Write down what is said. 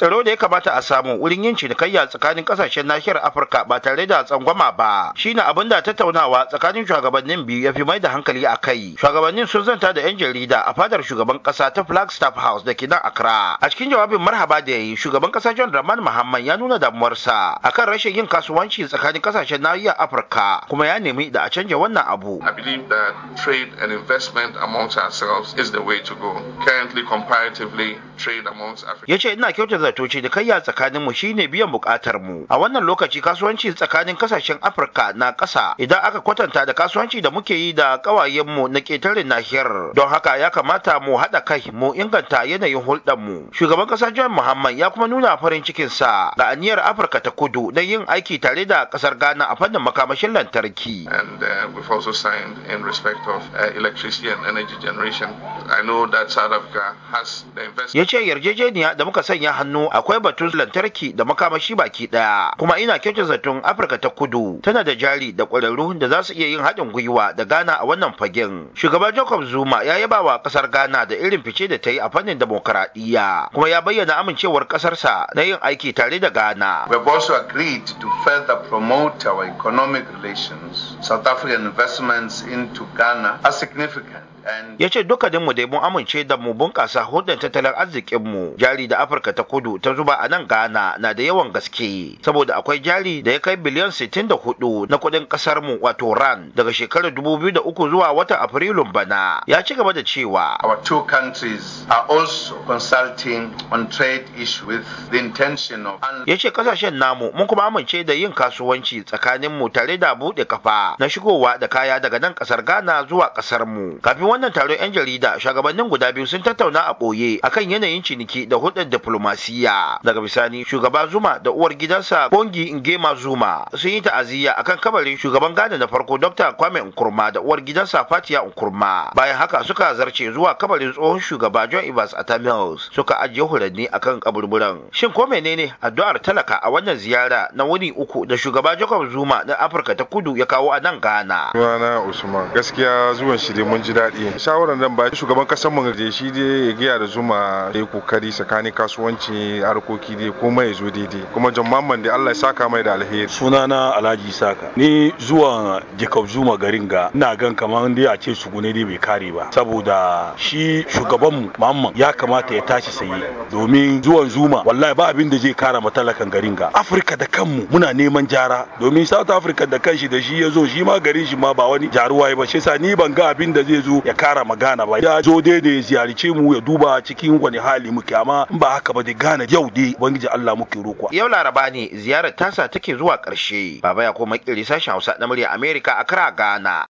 tsaro da ya kamata a samu wurin yin cinikayya tsakanin kasashen nahiyar afirka ba tare da tsangwama ba shine abin da tattaunawa tsakanin shugabannin biyu ya fi mai da hankali a kai shugabannin sun zanta da yan jarida a fadar shugaban kasa ta flagstaff house da ke nan accra a cikin jawabin marhaba da ya yi shugaban kasa john dramani muhammad ya nuna damuwarsa akan rashin yin kasuwanci tsakanin kasashen nahiyar afirka kuma ya nemi da a canja wannan abu i believe that trade and investment amongst ourselves is the way to go currently comparatively trade amongst africa yace ina kyautata zato ce da kayya tsakanin mu shine biyan bukatar mu a wannan lokaci kasuwanci tsakanin kasashen Afirka na ƙasa idan aka kwatanta da kasuwanci da muke yi da kawayen mu na ketare nahiyar don haka ya kamata mu haɗa kai mu inganta yanayin hulɗar mu shugaban ƙasa John Muhammad ya kuma nuna farin cikin sa ga aniyar Afirka ta Kudu na yin aiki tare da ƙasar Ghana a fannin makamashin lantarki and uh, respect of uh, electricity generation i know that South Africa yarjejeniya da muka sanya hannu Kano akwai batun lantarki da makamashi baki daya kuma ina kyautar zaton afirka ta kudu tana da jari da ƙwararru da za su iya yin haɗin gwiwa da ghana a wannan fagen shugaba jacob zuma ya yaba wa ƙasar ghana da irin fice da ta yi a fannin demokaradiyya kuma ya bayyana amincewar ƙasarsa na yin aiki tare da ghana we have also agreed to further promote our economic relations south african investments into ghana are significant ya ce dukkaninmu dai mun amince da mu bunƙasa hudun tattalin arzikinmu jari da afirka ta kudu ta zuba a nan ghana na da yawan gaske saboda akwai jari da ya kai biliyan 64 na kuɗin ƙasarmu wato ran daga shekarar 2003 zuwa watan afrilun bana ya ci gaba da cewa our two countries are also consulting on trade issue with the intention of ya ce kasashen namu mun kuma amince da yin kasuwanci tsakaninmu tare da buɗe kafa na shigowa da kaya daga nan ƙasar ghana zuwa ƙasarmu kafin wannan taron 'yan jarida shugabannin guda biyu sun tattauna a ɓoye akan yanayin ciniki da hudar diplomasiya. daga bisani shugaba zuma da uwar gidansa bongi ngema zuma sun yi ta'aziyya akan kabarin shugaban gada na farko dr kwame nkurma da uwar gidansa fatiya nkurma bayan haka suka zarce zuwa kabarin tsohon shugaba john evans a tamils suka ajiye huranni akan kaburburan shin ko menene addu'ar talaka a wannan ziyara na wuni uku da shugaba jacob zuma na afirka ta kudu ya kawo a nan ghana usman gaskiya zuwan shi dai mun ji daɗi shawaran nan ba shugaban kasar mu da shi dai ya gaya da zuma dai kokari tsakanin kasuwanci harkoki dai ko mai zo daidai kuma jamman da Allah ya saka mai da alheri sunana Alhaji Saka ni zuwa Jacob Zuma garin ga ina gan kamar dai a ce sugune dai bai kare ba saboda shi shugaban mu Muhammad ya kamata ya tashi sayi domin zuwan Zuma wallahi ba abin da zai kara matalakan garin ga Afirka da kanmu muna neman jara domin South Africa da kanshi da shi ya zo shi ma garin shi ma ba wani jaruwa ba shi sa ni ban ga abin da zai zo ya kara magana ba ya zo dai da ya ziyarce mu ya duba cikin wani hali muke amma in ba haka ba dai gane yau dai ubangiji Allah muke roƙo yau laraba ne ziyarar tasa take zuwa ƙarshe baba ya koma kiri sashen Hausa na murya Amerika Accra Ghana